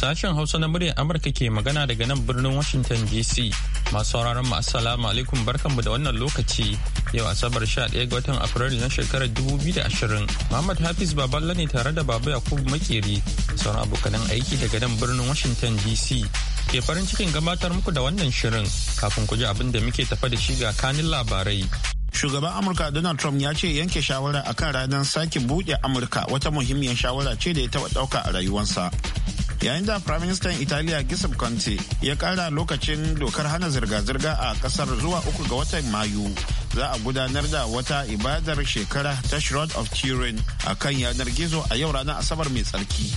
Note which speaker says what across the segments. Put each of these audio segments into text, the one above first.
Speaker 1: Sashen Hausa na muryar Amurka ke magana daga nan birnin Washington DC. Masu sauraron mu assalamu alaikum barkanmu da wannan lokaci. Yau Asabar 11 ga watan Afrilu na shekarar 2020. Muhammad Hafiz baballa ne tare da Baba Yakubu Makeri. Sauran abokanan aiki daga nan birnin Washington DC. Ke farin cikin gabatar muku da wannan shirin kafin ku ji abin da muke tafa da shi ga kanin labarai.
Speaker 2: shugaban amurka donald trump ya ce yanke shawara akan ranar sake buɗe amurka wata muhimmiyar shawara ce da ya taɓa ɗauka a rayuwarsa yayin da firaministan italiya gisab conte ya kara lokacin dokar hana zirga-zirga a kasar zuwa uku ga watan mayu za a gudanar da wata ibadar shekara ta shroud of turin a kan yanar gizo a yau ranar asabar mai tsarki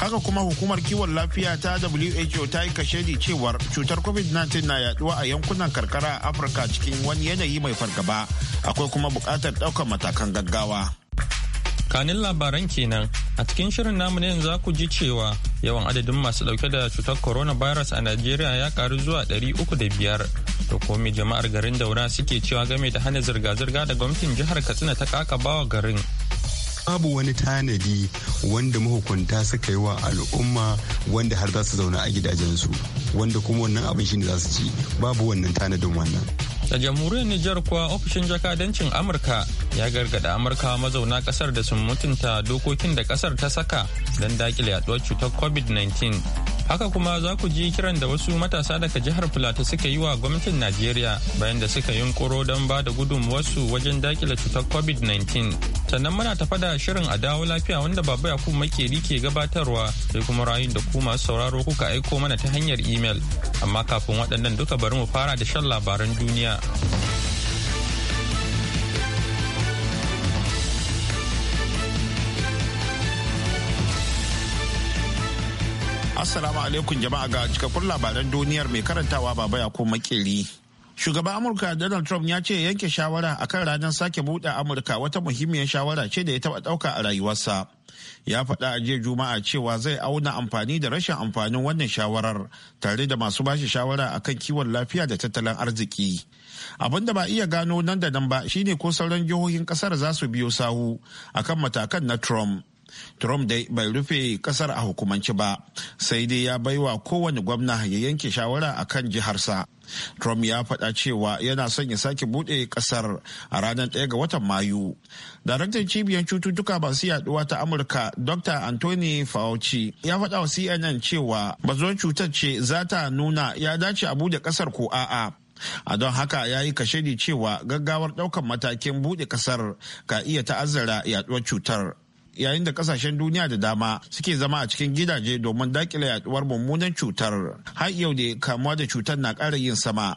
Speaker 2: haka kuma hukumar kiwon lafiya ta who ta yi kashedi cewar cutar covid-19 na yaduwa a yankunan karkara a afirka cikin wani yanayi mai fargaba akwai kuma bukatar ɗaukar matakan gaggawa
Speaker 1: kanin labaran kenan a cikin shirin namu ne za ku ji cewa yawan adadin masu dauke da cutar coronavirus a najeriya ya karu zuwa 305 to komi jama'ar garin daura suke cewa game da hana zirga-zirga da gwamnatin jihar katsina ta kaka garin
Speaker 3: babu wani tanadi wanda mahukunta suka yi wa al'umma wanda har za su zauna a gidajensu wanda kuma wannan abin shine za su ci babu wannan tanadin wannan
Speaker 1: da jamhuriyar Nijar kuwa ofishin jakadancin Amurka ya gargada Amurka mazauna kasar da sun mutunta dokokin da kasar ta saka don dakile yaduwar cutar COVID-19. Haka kuma za ku ji kiran da wasu matasa daga jihar Filata suka yi wa gwamnatin Najeriya bayan da suka yunƙuro don ba da gudunmuwarsu wajen dakile cutar COVID-19. Sannan muna tafa da shirin a dawo lafiya wanda Baba Yakubu Makeri ke gabatarwa sai kuma rayun da ku masu sauraro kuka aiko mana ta hanyar imel. amma kafin waɗannan duka bari mu fara da shan labaran duniya
Speaker 2: Assalamu alaikum jama'a ga cikakkun labaran duniyar mai karantawa baba ya ko makeri. Shugaban Amurka Donald Trump ya ce yanke shawara akan ranar sake buɗe Amurka wata muhimmiyar shawara ce da ya taɓa ɗauka a rayuwarsa. Ya faɗa a jiya Juma'a cewa zai auna amfani da rashin amfanin wannan shawarar tare da masu bashi shawara akan kiwon lafiya da tattalin arziki. Abin da ba iya gano nan da nan ba shine ko sauran jihohin kasar za su biyo sahu akan matakan na Trump. Trump dai bai rufe kasar a hukumanci ba, sai dai ya baiwa kowane gwamna ya yanke shawara a kan jiharsa. Trump ya faɗa cewa yana son ya sake buɗe ƙasar a ranar 1 ga watan Mayu. Daraktan cibiyar cututtuka masu yaduwa ta Amurka, Dr. Anthony Fauci, ya faɗa wa CNN cewa bazuwar cutar ce za ta nuna ya dace a buɗe ƙasar ko a'a. a don haka ya yi kashedi cewa gaggawar daukan matakin buɗe ƙasar ka iya ta'azzara yaduwar cutar yayin da kasashen duniya da dama suke zama a cikin gidaje domin dakile yaduwar mummunan cutar har yau da kamuwa da cutar na ƙara yin sama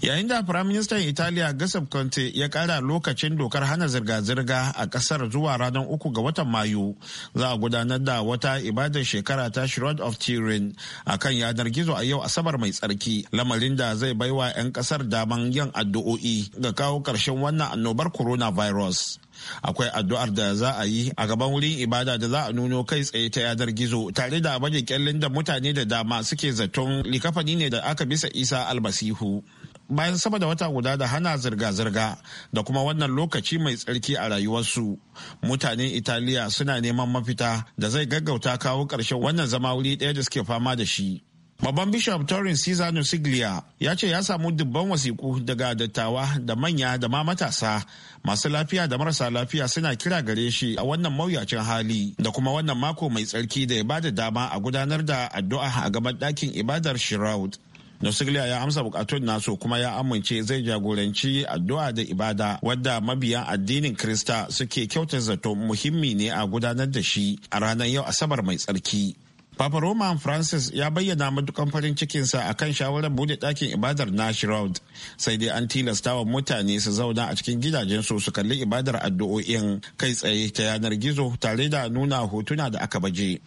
Speaker 2: yayin da firaministan italiya gasab conte ya kara lokacin dokar hana zirga-zirga a kasar zuwa ranar uku ga watan mayu za a gudanar da wata ibadar shekara ta shrod of turin a kan yanar gizo a yau asabar mai tsarki lamarin da zai baiwa 'yan kasar daman yin addu'o'i ga kawo karshen wannan annobar coronavirus akwai addu'ar da za a yi a gaban wurin ibada da za a nuno kai tsaye ta yadar gizo tare da baje kyallin da mutane da dama suke zaton likafani ne da aka bisa isa almasihu bayan sama da wata guda da hana zirga-zirga da kuma wannan lokaci mai tsarki a rayuwarsu mutanen italiya suna neman mafita da zai gaggauta kawo ƙarshen wannan zama wuri ɗaya da suke fama da shi Babban Bishop Torrin Caesar Nusiglia ya ce ya samu dubban wasiku daga dattawa da manya da ma matasa masu lafiya da marasa lafiya suna kira gare shi a wannan mawuyacin hali da kuma wannan mako mai tsarki da ya ba da dama a gudanar da addu'a a gaban ɗakin ibadar Shiraud. Nusiglia ya amsa bukatun nasu kuma ya amince zai jagoranci addu'a da ibada wadda mabiyan addinin Krista suke kyautar zato muhimmi ne a gudanar da shi a ranar yau Asabar mai tsarki. Papa Roman Francis ya bayyana matukan farin cikinsa a kan shawarar bude ɗakin ibadar Shroud, sai dai an tilasta wa mutane su zauna a cikin gidajensu su kalli ibadar addu'o'in kai tsaye ta yanar gizo tare da nuna hotuna da aka baje.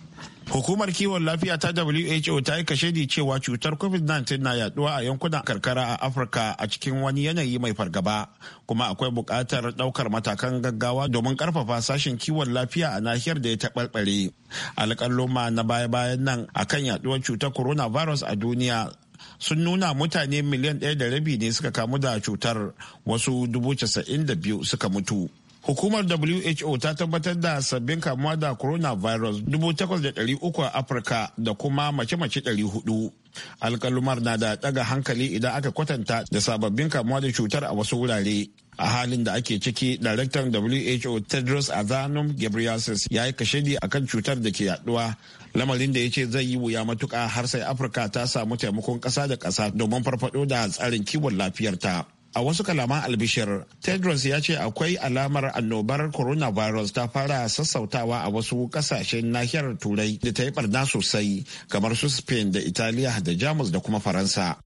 Speaker 2: Hukumar kiwon lafiya ta WHO ta yi kashedi cewa cutar COVID-19 na yaduwa a yankunan karkara a Afirka a cikin wani yanayi mai fargaba, kuma akwai buƙatar ɗaukar matakan gaggawa domin ƙarfafa sashen kiwon lafiya a nahiyar da ya taɓarɓare. Alƙaluma na baya-bayan nan a kan yaduwar cutar coronavirus a duniya sun nuna mutane miliyan ɗaya da rabi ne suka kamu da cutar wasu dubu casa'in da biyu suka mutu. Hukumar WHO ta tabbatar da sabbin kamuwa da coronavirus 8,300 a Afirka da kuma mace-mace 400. Alkalumar na da daga hankali idan aka kwatanta da sababbin kamuwa da cutar a wasu wurare. A halin da ake ciki, Daraktan WHO Tedros Adhanom Ghebreyesus ya yi kashedi akan cutar da ke yaduwa, lamarin da ya ce zai yi wuya matuka har sai Afirka ta samu taimakon ƙasa da ƙasa domin farfado da tsarin kiwon lafiyarta. A wasu kalaman albishir, Tedros ya ce akwai alamar annobar coronavirus ta fara sassautawa a wasu kasashen nahiyar turai da ta yi barna sosai kamar su Spain da Italiya da Jamus da kuma Faransa.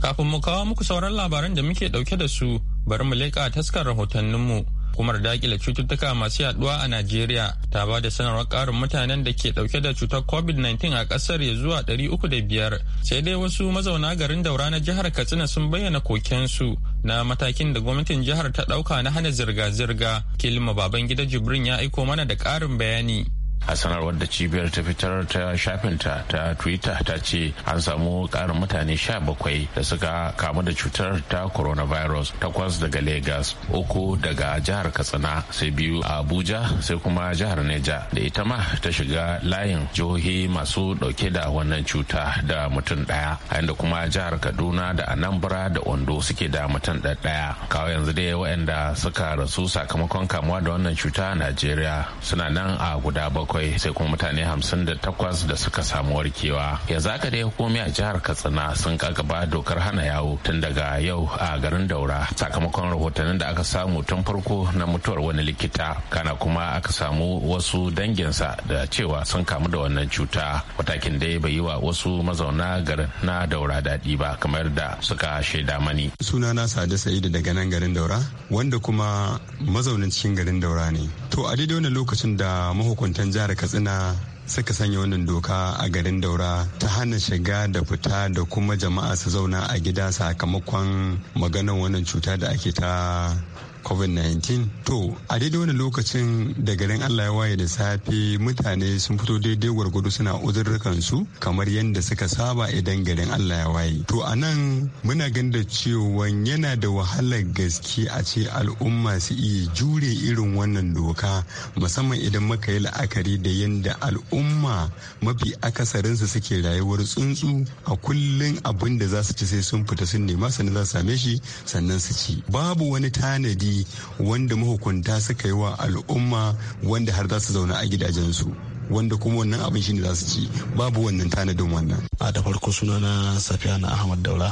Speaker 1: Kafin mu kawo muku sauran labaran da muke dauke da su, bari mu leƙa taskar rahotanninmu. mu. Hukumar dakile cututtuka masu yaduwa a Najeriya ta ba da sanarwar karin mutanen da ke dauke da cutar COVID-19 a kasar ya zuwa ɗari uku da biyar. sai dai wasu mazauna garin daura na jihar Katsina sun bayyana kokensu na matakin da gwamnatin jihar ta dauka na hana zirga-zirga. Kilma Babangida Jibrin ya aiko mana da
Speaker 4: karin bayani. a sanarwar da cibiyar ta fitar ta shafinta ta twitter ta ce an samu karin mutane 17 da suka kamu da cutar ta coronavirus takwas daga Legas uku daga jihar katsina sai biyu a abuja sai kuma jihar neja da ita ma ta shiga layin jihohi masu dauke da wannan cuta da mutum daya a inda kuma jihar kaduna da anambra da ondo suke da mutum daya kawo yanzu dai waɗanda suka rasu sakamakon kamuwa da wannan cuta a najeriya suna nan a guda bakwai bakwai sai kuma mutane hamsin da takwas da suka samu warkewa yanzu haka dai hukumi a jihar katsina sun kagaba dokar hana yawo tun daga yau a garin daura sakamakon rahotannin da aka samu tun farko na mutuwar wani likita kana kuma aka samu wasu danginsa da cewa sun kamu da wannan cuta matakin dai bai yi wa wasu mazauna garin na daura daɗi ba kamar da suka shaida mani sunana sade sa'idu
Speaker 3: daga nan garin daura wanda kuma mazaunin cikin garin daura ne to a daidai wani lokacin da mahukuntan jihar katsina suka sanya wannan doka a garin daura ta hana shiga da fita da kuma jama'a su zauna a gida sakamakon maganar wannan cuta da ake ta covid-19 to a daidai wani lokacin da garin allah ya waye da safe mutane sun fito daidai gwargwado suna uzurrukan su kamar yadda suka saba idan garin allah ya waye to a nan muna gan da cewa yana da wahalar gaske a ce al'umma su iya jure irin wannan doka musamman idan muka yi la'akari da yadda al'umma mafi akasarinsu suke rayuwar tsuntsu a kullum abin da za su ci sai sun fita sun nema sannan za su same shi sannan su ci babu wani tanadi yi wanda mahukunta suka yi wa al'umma wanda har za su zauna a gidajensu wanda kuma wannan abin shi ne za su ci babu wannan tanadin wannan a da farko sunana safiya na ahmad daura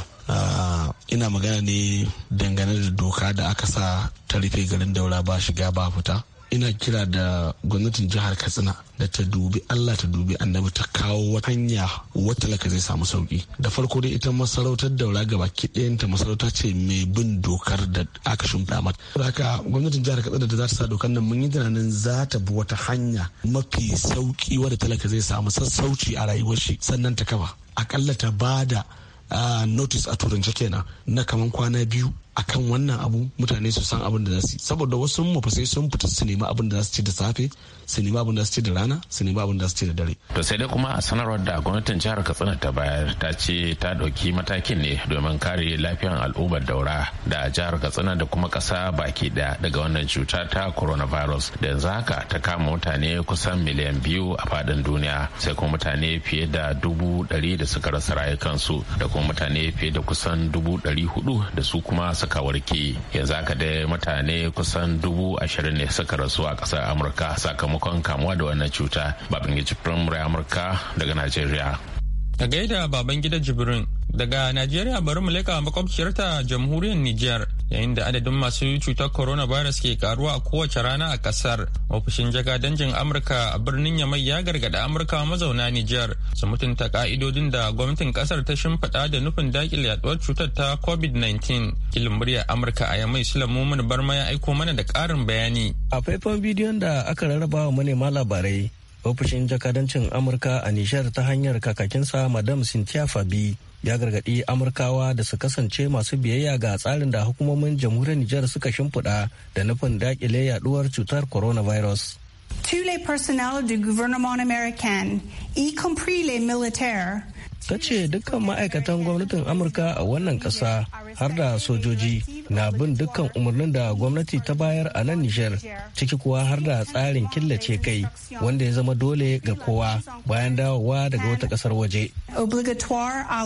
Speaker 3: ina magana ne dangane
Speaker 5: da doka da aka sa ta rufe garin daura ba shiga ba fita ina kira da gwamnatin jihar katsina da ta dubi allah ta dubi annabi ta kawo wata hanya wata laka zai samu sauki da farko dai ita masarautar daura gaba ɗayanta masarauta ce mai bin dokar da aka shimfiɗa mata haka gwamnatin jihar katsina da za ta sa dokar nan mun yi tunanin za ta bi wata hanya mafi sauki wadda talaka zai samu sassauci a rayuwar shi sannan ta kafa akalla ta bada ah, notice a turance kenan na kaman kwana biyu akan wannan abu mutane su san abin da za su yi saboda wasu mu fa sai sun fita su nemi abin da za su ci da safe su nemi abin da za su ci da rana su nemi abin da za su ci da dare
Speaker 4: to sai dai kuma a sanarwar da gwamnatin jihar Katsina ta bayar ta ce ta dauki matakin ne domin kare lafiyar al'ummar daura da jihar Katsina da kuma kasa baki daya daga wannan cuta ta coronavirus da yanzu haka ta kama mutane kusan miliyan biyu a faɗin duniya sai kuma mutane fiye da dubu dari da suka rasa rayukansu da kuma mutane fiye da kusan dubu dari hudu da su kuma suka suka warke yanzu haka dai mutane kusan dubu ashirin ne suka rasu a kasar amurka sakamakon kamuwa da wannan cuta babin ci murai amurka daga najeriya ta gaida
Speaker 1: baban gida Jibrin daga Najeriya bari mu leka makwabciyarta jamhuriyar Nijar yayin da adadin masu cutar coronavirus ke karuwa a kowace rana a kasar. Ofishin jagadanjin Amurka a birnin Yamai ya gargada Amurka mazauna Nijar su mutunta ka'idodin da gwamnatin kasar ta shimfiɗa da nufin dakile yaduwar cutar ta COVID-19. Kilin muryar Amurka a Yamai su bar Barma ya aiko mana da ƙarin bayani.
Speaker 6: A faifan bidiyon da aka rarraba wa manema labarai ofishin jakadancin amurka a nishar ta hanyar kakakinsa madam cynthia fabi ya gargadi amurkawa da su kasance masu biyayya ga tsarin da hukumomin jamhuriyar nijar suka shimfiɗa da nufin daƙile yaduwar cutar coronavirus Tous les personnels du gouvernement américain, y compris les militaires, ta ce dukkan ma'aikatan gwamnatin amurka a wannan kasa har da sojoji na bin dukkan umarnin da gwamnati ta bayar a nan nijar ciki kuwa har da tsarin killace kai wanda ya zama dole ga kowa bayan dawowa daga wata kasar waje.
Speaker 7: Obligatoire à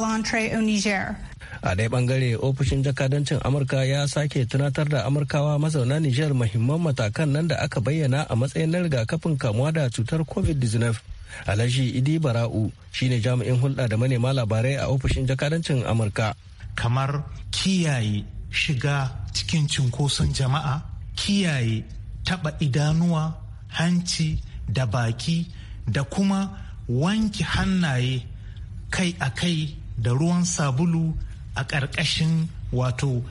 Speaker 7: Niger.
Speaker 6: a ɗaya bangare ofishin jakadancin amurka ya sake tunatar da amurkawa mazauna nijar mahimman matakan nan da aka bayyana a matsayin na rigakafin kamuwa da cutar covid-19 alhaji idi bara'u shine jami'in hulɗa da manema labarai a ofishin jakadancin amurka kamar kiyaye shiga
Speaker 8: cikin cinkoson jama'a kiyaye taba idanuwa hanci da baki da kuma wanke hannaye kai a kai da ruwan sabulu a ƙarƙashin wato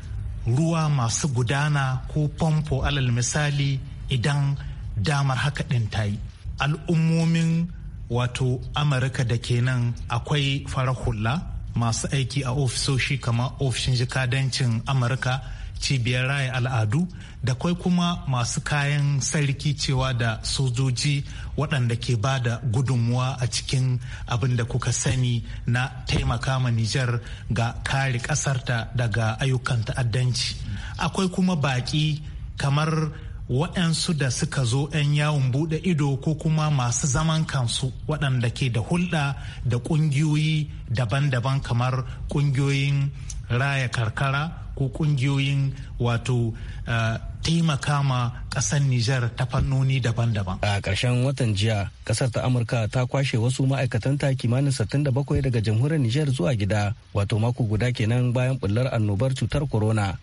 Speaker 8: ruwa masu gudana ko famfo alal misali idan damar haka ɗin ta yi al'ummomin wato amurka da kenan akwai farar hula masu aiki a ofisoshi kamar ofishin jikadancin amurka cibiyar raya al'adu da kai kuma masu kayan sarki cewa da sojoji waɗanda ke ba da gudunmuwa a cikin abin da kuka sani na taimaka ma Nijar ga kare ƙasarta daga ayyukan ta'addanci. Akwai kuma baƙi kamar waɗansu da suka zo 'yan yawon buɗe ido ko kuma masu zaman kansu waɗanda ke da hulɗa da ƙungiyoyi daban-daban kamar ƙungiyoyin raya karkara ko kungiyoyin wato eh, taimaka ma kasar Nijar ta fannoni daban-daban.
Speaker 6: A ƙarshen watan jiya, ƙasar ta Amurka ta kwashe wasu ma'aikatanta kimanin da bakwai daga jamhuriyar Nijar zuwa gida, wato mako guda kenan bayan bullar annobar cutar corona.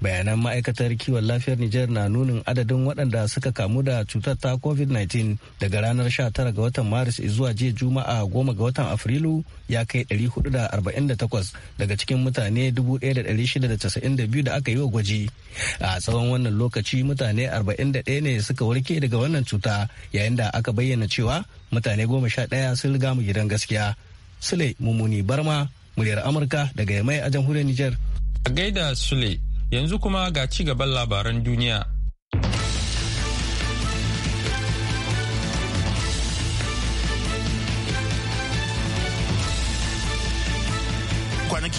Speaker 6: bayanan ma'aikatar kiwon lafiyar Nijar na nunin adadin waɗanda suka kamu da cutar ta COVID-19 daga ranar 19 ga watan Maris zuwa jiya Juma'a 10 ga watan Afrilu ya kai 448 daga cikin mutane 1,692 da aka yi wa gwaji. A tsawon wannan lokaci mutane 41 ne suka warke daga wannan cuta yayin da aka bayyana cewa mutane goma sha 11 sun riga mu gidan gaskiya. Sule Mumuni Barma, muryar Amurka daga Yamai a jamhuriyar Nijar.
Speaker 1: A gaida Sule, Yanzu kuma ga ci gaban labaran duniya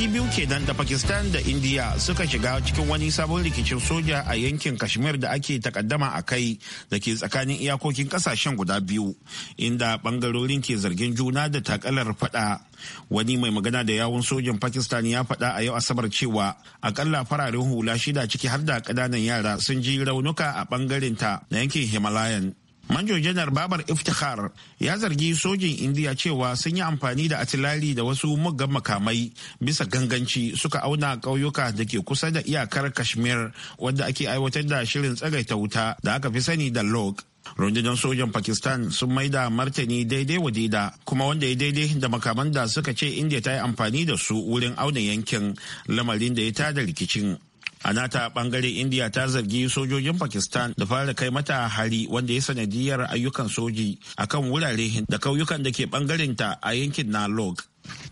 Speaker 2: kwanaki biyu kenan da pakistan da india suka shiga cikin wani sabon rikicin soja a yankin kashmir da ake takaddama a kai da ke tsakanin iyakokin kasashen guda biyu inda bangarorin ke zargin juna da takalar fada wani mai magana da yawun sojin pakistan ya faɗa a yau asabar cewa akalla fararen hula shida ciki har da ƙananan yara sun ji raunuka a bangaren ta na yankin himalayan Manjo janar Babar Iftihar ya zargi sojin Indiya cewa sun yi amfani da atilali da wasu muggan makamai bisa ganganci suka auna ƙauyuka da ke kusa da iyakar Kashmir wadda ake aiwatar da shirin tsagaita wuta da aka fi sani da lok. rundunar sojan pakistan sun maida martani daidai wadida kuma wanda ya daidai da makaman da suka ce indiya ta yi amfani da su wurin auna yankin lamarin da ya tada rikicin a nata bangare india ta zargi sojojin pakistan da fara kai mata hari wanda ya sanadiyar ayyukan soji a kan wurare da kauyukan da ke bangarenta a yankin nalog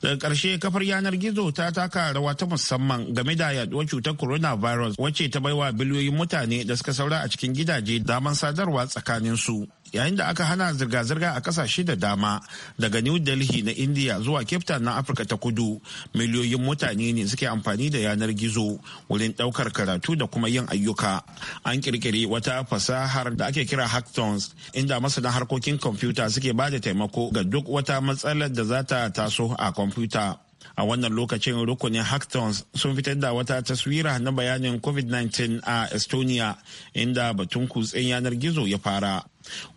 Speaker 2: daga ƙarshe kafar yanar gizo ta taka rawa ta musamman game da yaduwar cutar coronavirus wacce ta baiwa biliyoyin mutane da suka saura a cikin gidaje daman sadarwa tsakanin su. yayin da aka hana zirga-zirga a kasashe da dama daga new delhi na india zuwa cape town na afirka ta kudu miliyoyin mutane ne suke amfani da yanar gizo wurin daukar karatu da kuma yin ayyuka an kirkiri wata fasahar da ake kira hackathons inda masana harkokin kwamfuta suke ba da taimako ga duk wata matsalar da za ta taso a kwamfuta a wannan lokacin rukunin hackathons sun fitar da wata taswira na bayanin covid-19 a estonia inda batun kutsen yanar gizo ya fara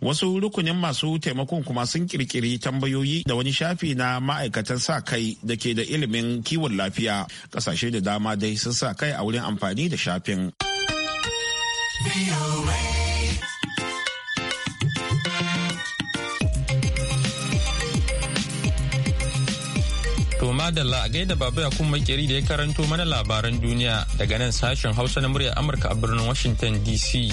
Speaker 2: wasu rukunin masu taimakon kuma sun kirkiri tambayoyi da wani shafi na ma'aikatan sa kai da ke da ilimin kiwon lafiya kasashe da dama dai sun sa kai a wurin amfani da shafin.
Speaker 1: madalla a gaida babu ya kuma makeri da ya karanto mana labaran duniya daga nan sashen hausa na murya amurka a birnin washington dc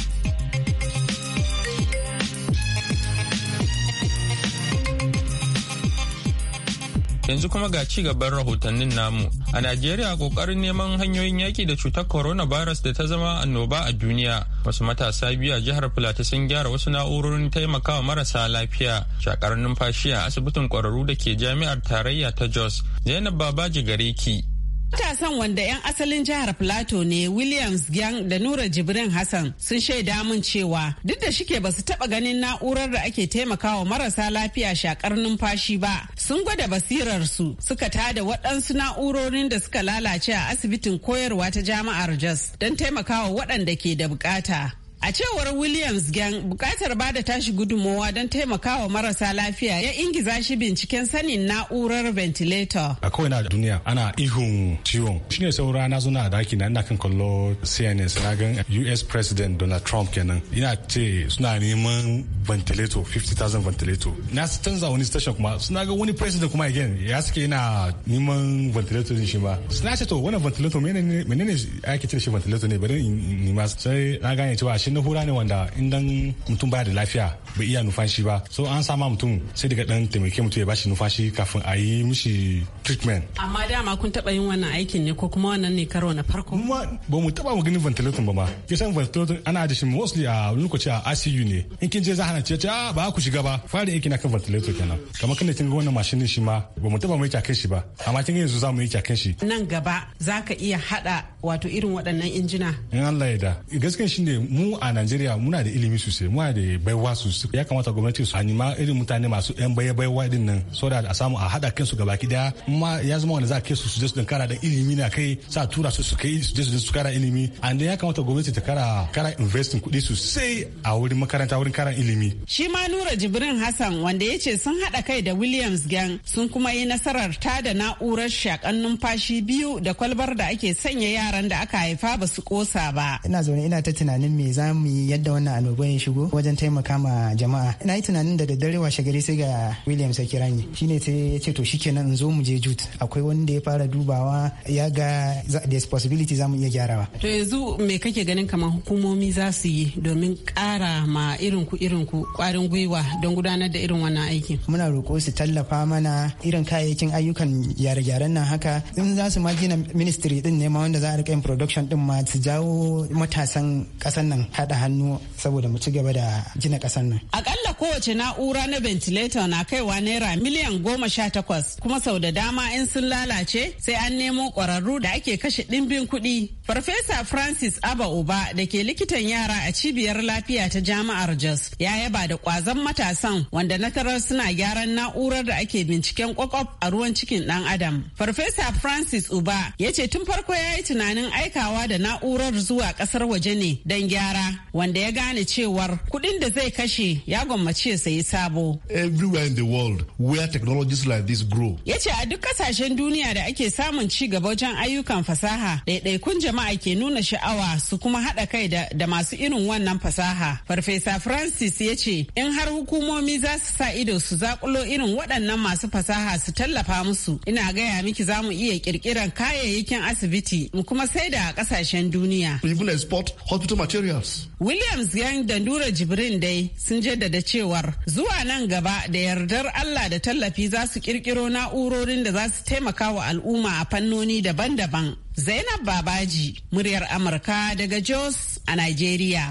Speaker 1: Yanzu kuma ga ci gaban rahotannin namu. A Najeriya kokarin neman hanyoyin yaki da cutar corona virus da ta zama annoba a duniya. Wasu matasa biyu a jihar plateau sun gyara wasu na'urorin taimakawa marasa lafiya. Shakar numfashi a asibitin kwararru da ke jami'ar tarayya ta Jos. Zainab Babaji Gareki
Speaker 7: Matasan wanda 'yan asalin jihar plato ne Williams gang da Nura Jibrin Hassan sun shaida mun cewa duk da shike ba su taba ganin na'urar da ake taimakawa marasa lafiya shakar numfashi ba sun gwada basirar su suka tada waɗansu na'urorin da suka lalace a asibitin koyarwa ta jama'ar Jos don taimakawa waɗanda ke da bukata. A cewar Williams Gang, bukatar bada tashi gudunmowa don taimakawa marasa lafiya ya ingiza shi binciken sanin na'urar ventilator. A kawai
Speaker 5: na duniya ana ihun ciwon. Shi ne saura na zuna na daki na ina kan kallo CNS na gan US President Donald Trump kenan. Ina ce suna neman ventilator 50,000 ventilator. Na canza wani station kuma suna ga wani president kuma again ya suke ina neman ventilator din shi ba. Suna ce to wani ventilator menene ake cire shi ventilator ne bari in nima sai na gane cewa shi shi na hura ne wanda idan mutum baya da lafiya bai iya numfashi ba so an sama mutum sai daga dan taimake mutum ya bashi numfashi kafin a yi mishi treatment
Speaker 7: amma dama kun taba yin wannan aikin ne ko kuma wannan ne karo na farko kuma ba mu taba mu ganin ventilator
Speaker 5: ba ma san ventilator ana da shi mostly a lokaci a ICU ne in kin je za hana ce a ah, ba ku shiga ba fara aikin akan ventilator kenan kamar kana kin ga wannan mashinin shi ma ba mu taba mu yi kakan shi ba amma kin yanzu za mu yi kakan shi
Speaker 7: nan gaba za ka iya haɗa wato irin waɗannan injina
Speaker 5: in Allah ya da gaskiya shine mu a Najeriya muna da ilimi sosai muna da baiwa sosai ya kamata gwamnati su anima irin mutane masu yan baya baiwa din nan so da a samu a hada kansu gaba kidaya daya ma ya zama wanda za a kai su su dan kara da ilimi na kai sa tura su su kai su je su su kara ilimi and ya kamata gwamnati ta kara kara investing kuɗi sosai a wurin makaranta wurin karan ilimi.
Speaker 7: Shi ma Nura Jibrin Hassan wanda ya ce sun hada kai da Williams Gang sun kuma yi nasarar ta da na'urar shakan numfashi biyu da kwalbar da ake sanya yaran da aka haifa ba su kosa ba. Ina zaune ina ta tunanin me za za mu yi yadda wannan annoba ya shigo wajen taimaka ma jama'a na yi tunanin da daddare washe gari sai ga williams ya kira ni shine sai ya ce to shikenan in zo mu je jut akwai wanda ya fara dubawa ya ga ya possibility za mu iya gyarawa to yanzu me kake ganin kamar hukumomi za su yi domin kara ma irin ku irin ku kwarin gwiwa don gudanar da irin wannan aiki muna roƙo su tallafa mana irin kayayyakin ayyukan gyare-gyaren nan haka in za su ma gina ministry din ne ma wanda za a rika yin production din ma su jawo matasan kasan nan haɗa hannu saboda mu ci gaba da gina ƙasar nan. Akalla kowace na'ura na ventilator na kaiwa naira miliyan goma sha takwas kuma sau da dama in sun lalace sai an nemo ƙwararru da ake kashe ɗimbin kuɗi. Farfesa Francis Aba Uba da ke likitan yara a cibiyar lafiya ta Jama'ar Jos ya yaba da ƙwazon matasan wanda na tarar suna gyaran na'urar da ake binciken kwakwaf a ruwan cikin ɗan adam. Farfesa Francis Uba ya ce tun farko ya yi tunanin aikawa da na'urar zuwa ƙasar waje ne don gyara wanda ya gane cewar kuɗin da zai kashe ya gwammace sayi sabo.
Speaker 8: Everywhere in the world where technologies like this grow.
Speaker 7: Ya ce a duk kasashen duniya da ake samun ci gaba wajen ayyukan fasaha ɗaiɗaikun jama'a ke nuna sha'awa su kuma haɗa kai da masu irin wannan fasaha. Farfesa Francis ya ce in har hukumomi za su sa ido su zakulo irin waɗannan masu fasaha su tallafa musu ina gaya miki za mu iya ƙirƙiran kayayyakin asibiti mu kuma sai da a ƙasashen duniya. Even export hospital materials. Williams. Williams Yang da Nura Jibrin dai sun jaddada cewar zuwa nan gaba da yardar Allah da tallafi za su kirkiro na'urorin da za su taimaka wa al'umma a fannoni daban-daban. Zainab Babaji, muryar Amurka daga Jos a Nigeria.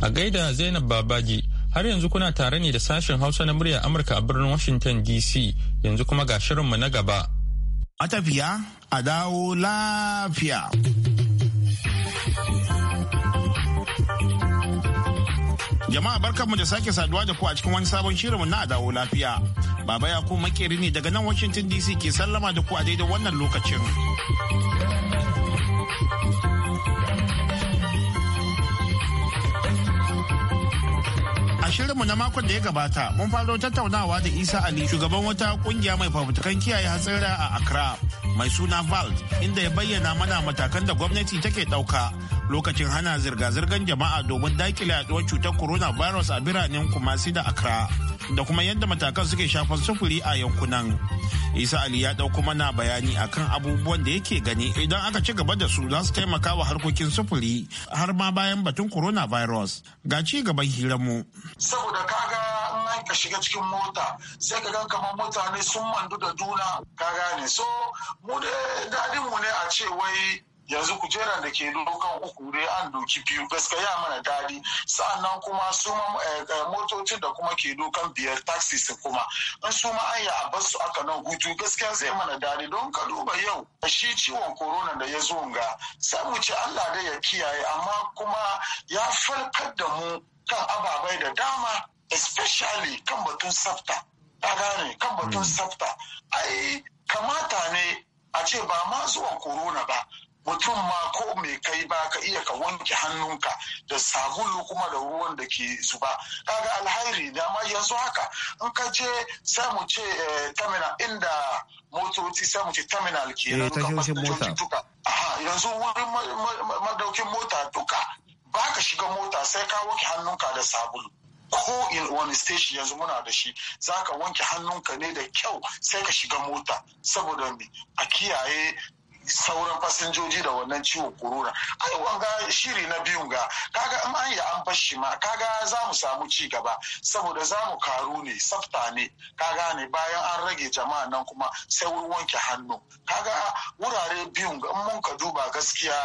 Speaker 1: A gaida Zainab Babaji, har yanzu kuna tare ne da sashen Hausa na muryar Amurka a birnin Washington DC yanzu kuma ga shirinmu na gaba.
Speaker 2: a tafiya a dawo lafiya. Jama'a barkanmu da sake saduwa da ku a cikin wani sabon shirinmu na dawo lafiya. Baba Yakubu makeri ne daga nan Washington DC ke sallama da ku a daidai wannan lokacin. shirinmu na makon da ya gabata mun faro tattaunawa da isa ali shugaban wata kungiya mai fafutukan kiyaye hatsari a accra mai suna vald inda ya bayyana mana matakan da gwamnati take dauka. lokacin hana zirga-zirgar jama'a domin dakile yaduwar cutar corona coronavirus a biranen kumasi da accra da kuma yadda matakan suke shafan sufuri a yankunan isa ali ya ɗauko mana bayani akan abubuwan da yake gani idan aka ci gaba da su za su taimaka wa harkokin sufuri har ma bayan batun virus? ga ci gaban hiranmu saboda
Speaker 9: kaga in ka shiga cikin mota sai ka ga kamar mutane sun mandu da juna ka gane so mu da dadin mu ne a ce wai yanzu kujeran da ke dokan uku dai an doki biyu gaskiya mana daɗi sa'annan kuma su eh, eh, motocin da kuma ke dokan biyar taxi su kuma in su ma an yi a basu aka nan hutu gaskiya zai mana daɗi don ka duba yau shi ciwon corona da ya zo ga sai mu ce Allah dai ya kiyaye amma kuma ya farkar da mu kan ababai da dama especially kan batun safta ta gane kan batun hmm. tsafta ai kamata ne a ce ba ma zuwan corona ba mutum ma ko mai kai ba ka iya ka wanke hannunka da sabulu kuma da ruwan da ke zuba kaga alhairi amma yanzu haka in ka je sai mu ce eh, terminal inda motoci sai mu ce terminal ke
Speaker 2: eh,
Speaker 9: yanzu wurin madaukin mota duka ba ka shiga mota sai ka wanke hannunka da sabulu ko in wani station yanzu muna da shi za ka wanke hannunka ne da kyau sai ka shiga mota saboda a kiyaye sauran fasinjoji da wannan ciwo corona ai wanga shiri na biyun ga kaga in an yi an fashi ma kaga za mu samu ci gaba saboda za mu karu ne tsafta ne kaga ne bayan an rage jama'a nan kuma sai wurin wanke hannu kaga wurare biyun ga mun ka duba gaskiya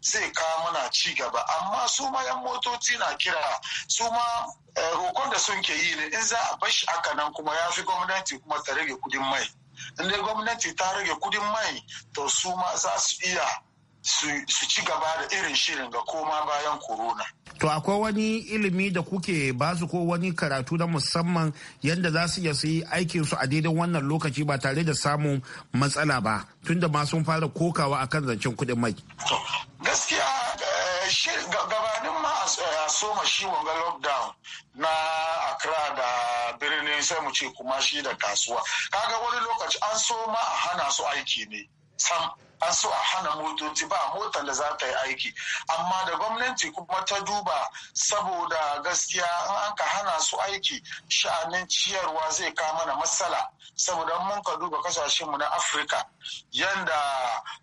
Speaker 9: zai ka muna ci gaba amma su ma yan motoci na kira su ma eh, rokon da sun ke yi ne in za a bashi aka nan kuma ya fi gwamnati kuma ta rage kudin mai in dai gwamnati ta rage kudin mai to su ma za su iya su ci gaba da irin shirin ga koma bayan
Speaker 2: corona. To akwai wani ilimi da kuke ba su ko wani karatu na musamman yadda za su iya su yi aikin su a daidai wannan lokaci ba tare da samun matsala ba tunda ma sun fara kokawa akan zancen kudin mai.
Speaker 9: Gaskiya eh, gabanin ma a soma shi wanga lockdown na a sai mu ce kuma shi da kasuwa kaga wani lokaci an so ma a hana su aiki ne sam an so a hana motoci ba motar da za ta yi aiki amma da gwamnati kuma ta duba saboda gaskiya in an ka hana su aiki sha'anin ciyarwa zai kama mana matsala saboda mun ka duba kasashen na afirka yanda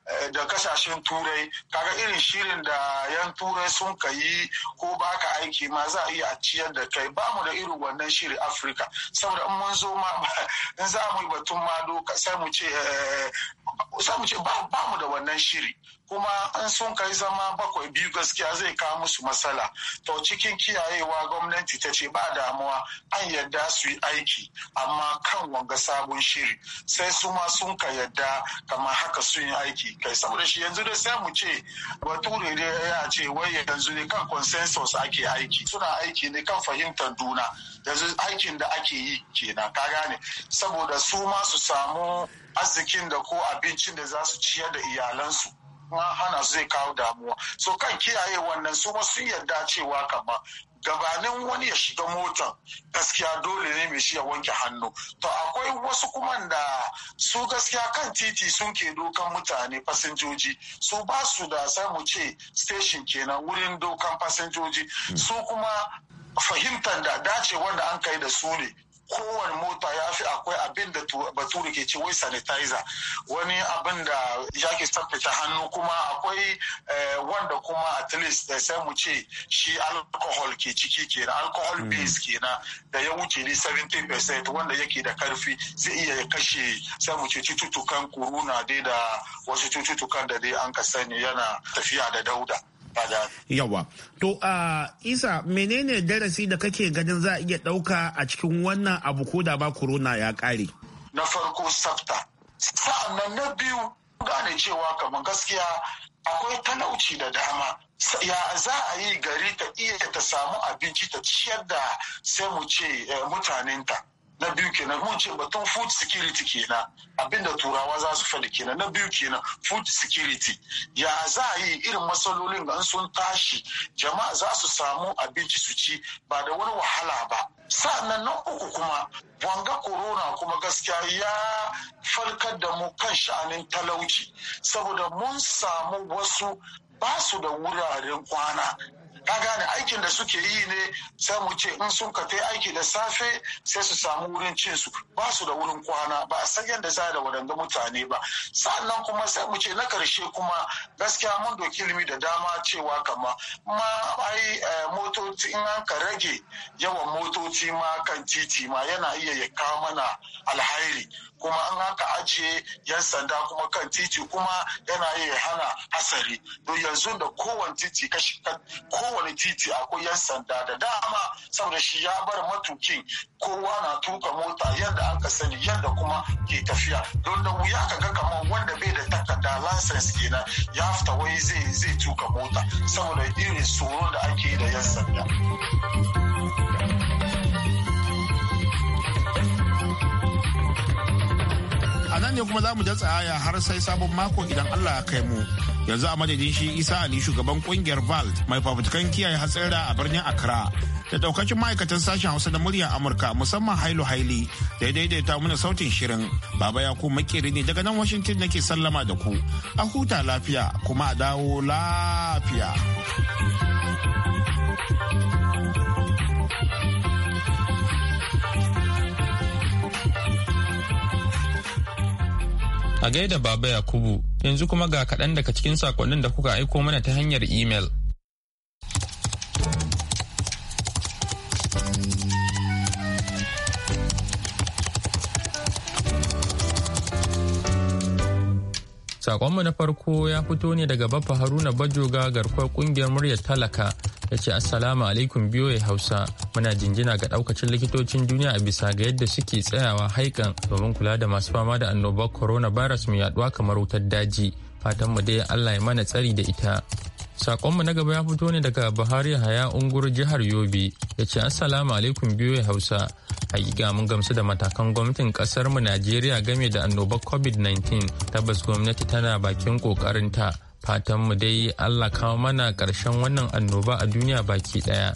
Speaker 9: eh, da kasashen turai kaga irin shirin da yan turai sun ka yi ko baka aiki ma za a iya a ciyar da kai ba mu da irin wannan shirin afirka saboda in mun zo ma in za mu yi batun ma doka sai mu ce eh, ba mu da wannan shiri kuma an sun kai zama bakwai biyu gaskiya zai kawo musu matsala to cikin kiyayewa gwamnati ta ce ba damuwa an yadda su yi aiki amma kan wanga sabon shiri sai su ma sun ka yadda kama haka sun yi aiki kai saboda shi yanzu dai sai mu ce bature ne ya ce wai yanzu ne kan consensus ake aiki suna aiki ne kan fahimtar juna yanzu aikin da ake yi kenan ka gane saboda su ma su samu arzikin da ko abincin da za su ciyar da iyalansu ma hana zai kawo damuwa so kan kiyaye wannan su ma sun yarda cewa kama gabanin wani ya shiga motan gaskiya dole ne mai shi ya wanke hannu to akwai wasu kuma da su gaskiya kan titi sun ke dokan mutane fasinjoji su ba su da sai mu ce station kenan wurin dokan fasinjoji su kuma fahimtar da dace wanda an kai da su ne kowane mota ya fi akwai abin da bature ke ce wai sanitizer wani abin da ya ke tsaftace hannu kuma akwai eh, wanda kuma at least eh, sai mu ce shi alcohol ke ciki ke na alcohol hmm. base na da ya wuce ni 70% wanda yake da karfi zai iya kashe sai mu ce cututtukan corona dai da wasu cututtukan da dai an ka sani yana tafiya da dauda
Speaker 2: Yawa. To, uh, Isa, menene darasi da kake ganin za a iya ɗauka a cikin wannan abu ko da ba corona ya ƙare?
Speaker 9: Na farko safta. Sa'annan na biyu gane cewa kamar gaskiya akwai talauci da dama. Ya za a yi gari ta iya ta samu abinci ta ciyar da sai mu ce eh, mutanenta. na biyu kenan mun ce batun food security kenan abinda turawa za su faɗi kenan na biyu kenan food security ya za a yi irin matsalolin da sun tashi jama'a za su samu abinci su ci ba da wani wahala ba sa'annan na uku kuma wanga corona kuma gaskiya ya farkar da mu kan sha'anin talauci saboda mun samu wasu ba su da wuraren kwana ka gane aikin da suke yi ne sai mu ce in sun kafe aiki da safe sai su samu wurin cin su ba su da wurin kwana ba a san yadda za da wadanda mutane ba sannan kuma sai mu ce na karshe kuma gaskiya mun doki ilimi da dama cewa kama ma ai eh, motoci in an ka rage yawan motoci ma kan titi ma yana iya ya kawo mana alhairi kuma an haka ajiye yan sanda kuma kan titi kuma yana iya hana hasari to yanzu da kowane titi kashi ko kowane titi akwai yan sanda da dama saboda shi ya bar matukin kowa na tuka mota yadda aka sani yadda kuma ke tafiya don da wuya ka ga kamar wanda bai da takarda lansens kenan ya fita wai zai tuka mota saboda irin tsoron da ake da yan sanda.
Speaker 2: nan ne kuma za mu datsa har sai sabon mako idan Allah ya kai mu. Yanzu a madadin shi Isa Ali shugaban kungiyar VALT mai fafutukan kiyaye hatsira a birnin Accra. Da daukacin ma'aikatan sashen Hausa da muryar Amurka musamman Hailu Haili da ya daidaita mana sautin shirin. Baba ya ku makeri ne daga nan Washington nake sallama da ku. A huta lafiya kuma a dawo lafiya.
Speaker 1: A gaida Baba Yakubu, yanzu kuma ga kaɗan daga cikin sakonnin da kuka aiko mana ta hanyar imel. Sakonmu na farko ya fito ne daga Baffa Haruna Bajoga garkuwar kungiyar muryar talaka ya ce Assalamu alaikum ya Hausa muna jinjina ga daukacin likitocin duniya a bisa ga yadda suke tsayawa haikan domin kula da masu fama da annobar coronavirus mai yaduwa kamar wutar daji. fatanmu dai allah ya mana tsari da ita Sakonmu na gaba ya fito ne daga Buhari Haya Ungur jihar Yobe ya ce Assalamu alaikum biyu Hausa. Hakika mun gamsu da matakan gwamnatin kasarmu mu Najeriya game da annobar COVID-19 tabbas gwamnati tana bakin kokarinta Fatanmu dai Allah kawo mana ƙarshen wannan annoba a duniya baki ɗaya.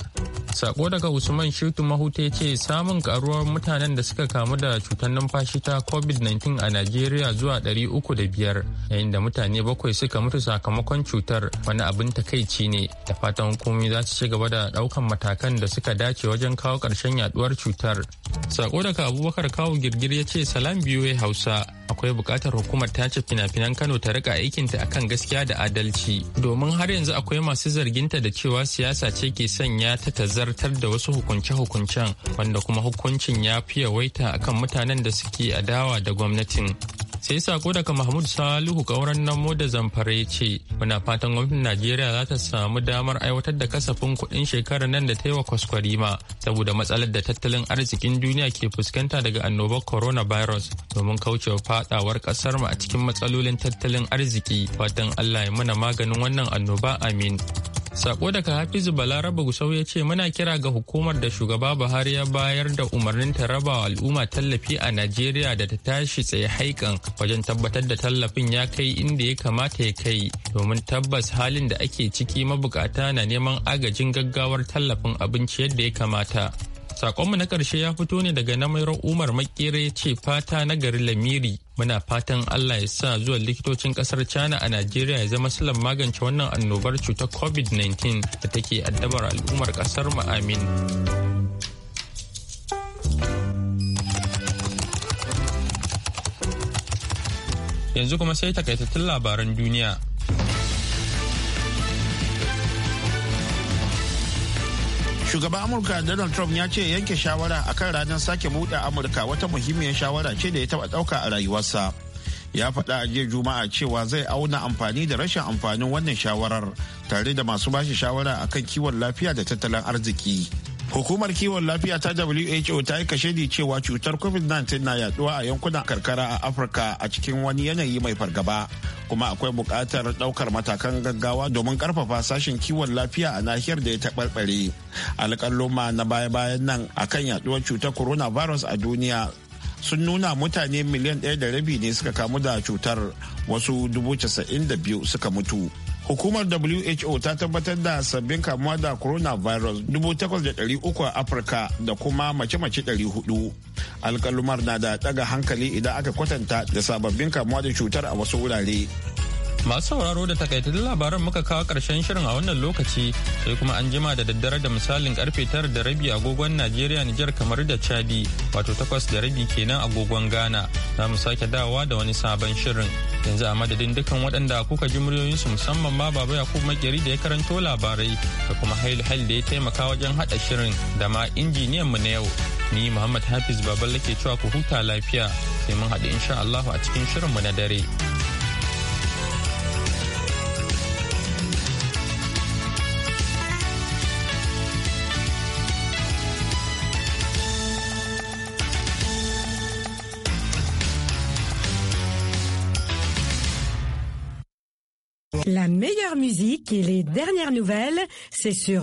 Speaker 1: Sako daga Usman Shitu Mahuta ya ce samun karuwar mutanen da suka kamu da cutar numfashi ta COVID-19 a Najeriya zuwa ɗari uku da biyar. yayin da mutane bakwai suka mutu sakamakon cutar wani abin takaici ne da fatan hukumomi za su ci gaba da ɗaukan matakan da suka dace wajen kawo ƙarshen yaduwar cutar. Sako daga Abubakar Kawu Girgir ya ce salam biyu Hausa. akwai bukatar hukumar tace fina-finan kano ta rika aikinta akan gaskiya da adalci domin har yanzu akwai masu zarginta da cewa siyasa ce ke sanya ta tazartar da wasu hukunce-hukuncen wanda kuma hukuncin ya fi yawaita akan mutanen da suke adawa da gwamnatin sai sako daga mahmud salihu kauran namo da zamfare ce muna fatan gwamnatin najeriya za ta samu damar aiwatar da kasafin kuɗin shekarar nan da ta yi wa kwaskwarima saboda matsalar da tattalin arzikin duniya ke fuskanta daga annobar coronavirus domin kaucewa fadawar kasar mu a cikin matsalolin tattalin arziki fatan allah ya mana maganin wannan annoba amin Sako daga Hafizu Balaraba Gusau ya ce muna kira ga hukumar da shugaba Buhari ya bayar da umarnin ta raba al'umma tallafi a Najeriya da ta tashi tsaye haikan wajen tabbatar da tallafin ya kai inda ya kamata ya kai domin tabbas halin da ake ciki mabukata na neman agajin gaggawar tallafin abinci yadda ya kamata. Sakonmu na ƙarshe ya fito ne daga namairar Umar Makere ce fata na gari Lamiri. Muna fatan Allah ya sa zuwa likitocin ƙasar China a Najeriya ya zama silan magance wannan annobar cutar COVID-19 da take addabar al'ummar ƙasar mu amin. Yanzu kuma sai takaitattun labaran duniya.
Speaker 2: shugaban amurka donald trump ya ce yanke shawara akan ranar sake buɗe amurka wata muhimmiyar shawara ce da ya taɓa ɗauka a rayuwarsa ya faɗa a jiya juma'a cewa zai auna amfani da rashin amfanin wannan shawarar tare da masu bashi shawara akan kiwon lafiya da tattalin arziki Hukumar kiwon lafiya ta WHO ta yi kashedi cewa cutar COVID-19 na yaduwa a yankunan karkara a Afirka a cikin wani yanayi mai fargaba. Kuma akwai buƙatar ɗaukar matakan gaggawa domin karfafa sashen kiwon lafiya a nahiyar da ya taɓarɓare. Alƙaluma na baya-bayan nan akan yaduwar cutar coronavirus a duniya sun nuna mutane miliyan ɗaya da rabi ne suka kamu da cutar wasu dubu casa'in da biyu suka mutu. hukumar who ta tabbatar da sabbin kamuwa da coronavirus 8,300 a afirka da kuma mace-mace 400 alkalumar na da daga hankali idan aka kwatanta da sababbin kamuwa da cutar a wasu wurare
Speaker 1: Masu sauraro da takaitattun labaran muka kawo ƙarshen shirin a wannan lokaci sai kuma an jima da daddare da misalin karfe tara da rabi agogon Najeriya Nijar kamar da Chadi wato takwas da rabi kenan agogon Ghana za mu sake dawowa da wani sabon shirin yanzu a madadin dukkan waɗanda kuka ji su musamman ma Baba Yakub Makeri da ya karanto labarai da kuma Hail Hail da ya taimaka wajen haɗa shirin da ma injiniyan mu na yau ni Muhammad Hafiz Baballa ke cewa ku huta lafiya sai mun haɗu insha Allahu a cikin shirin mu na dare.
Speaker 7: meilleure musique et les dernières nouvelles, c'est sur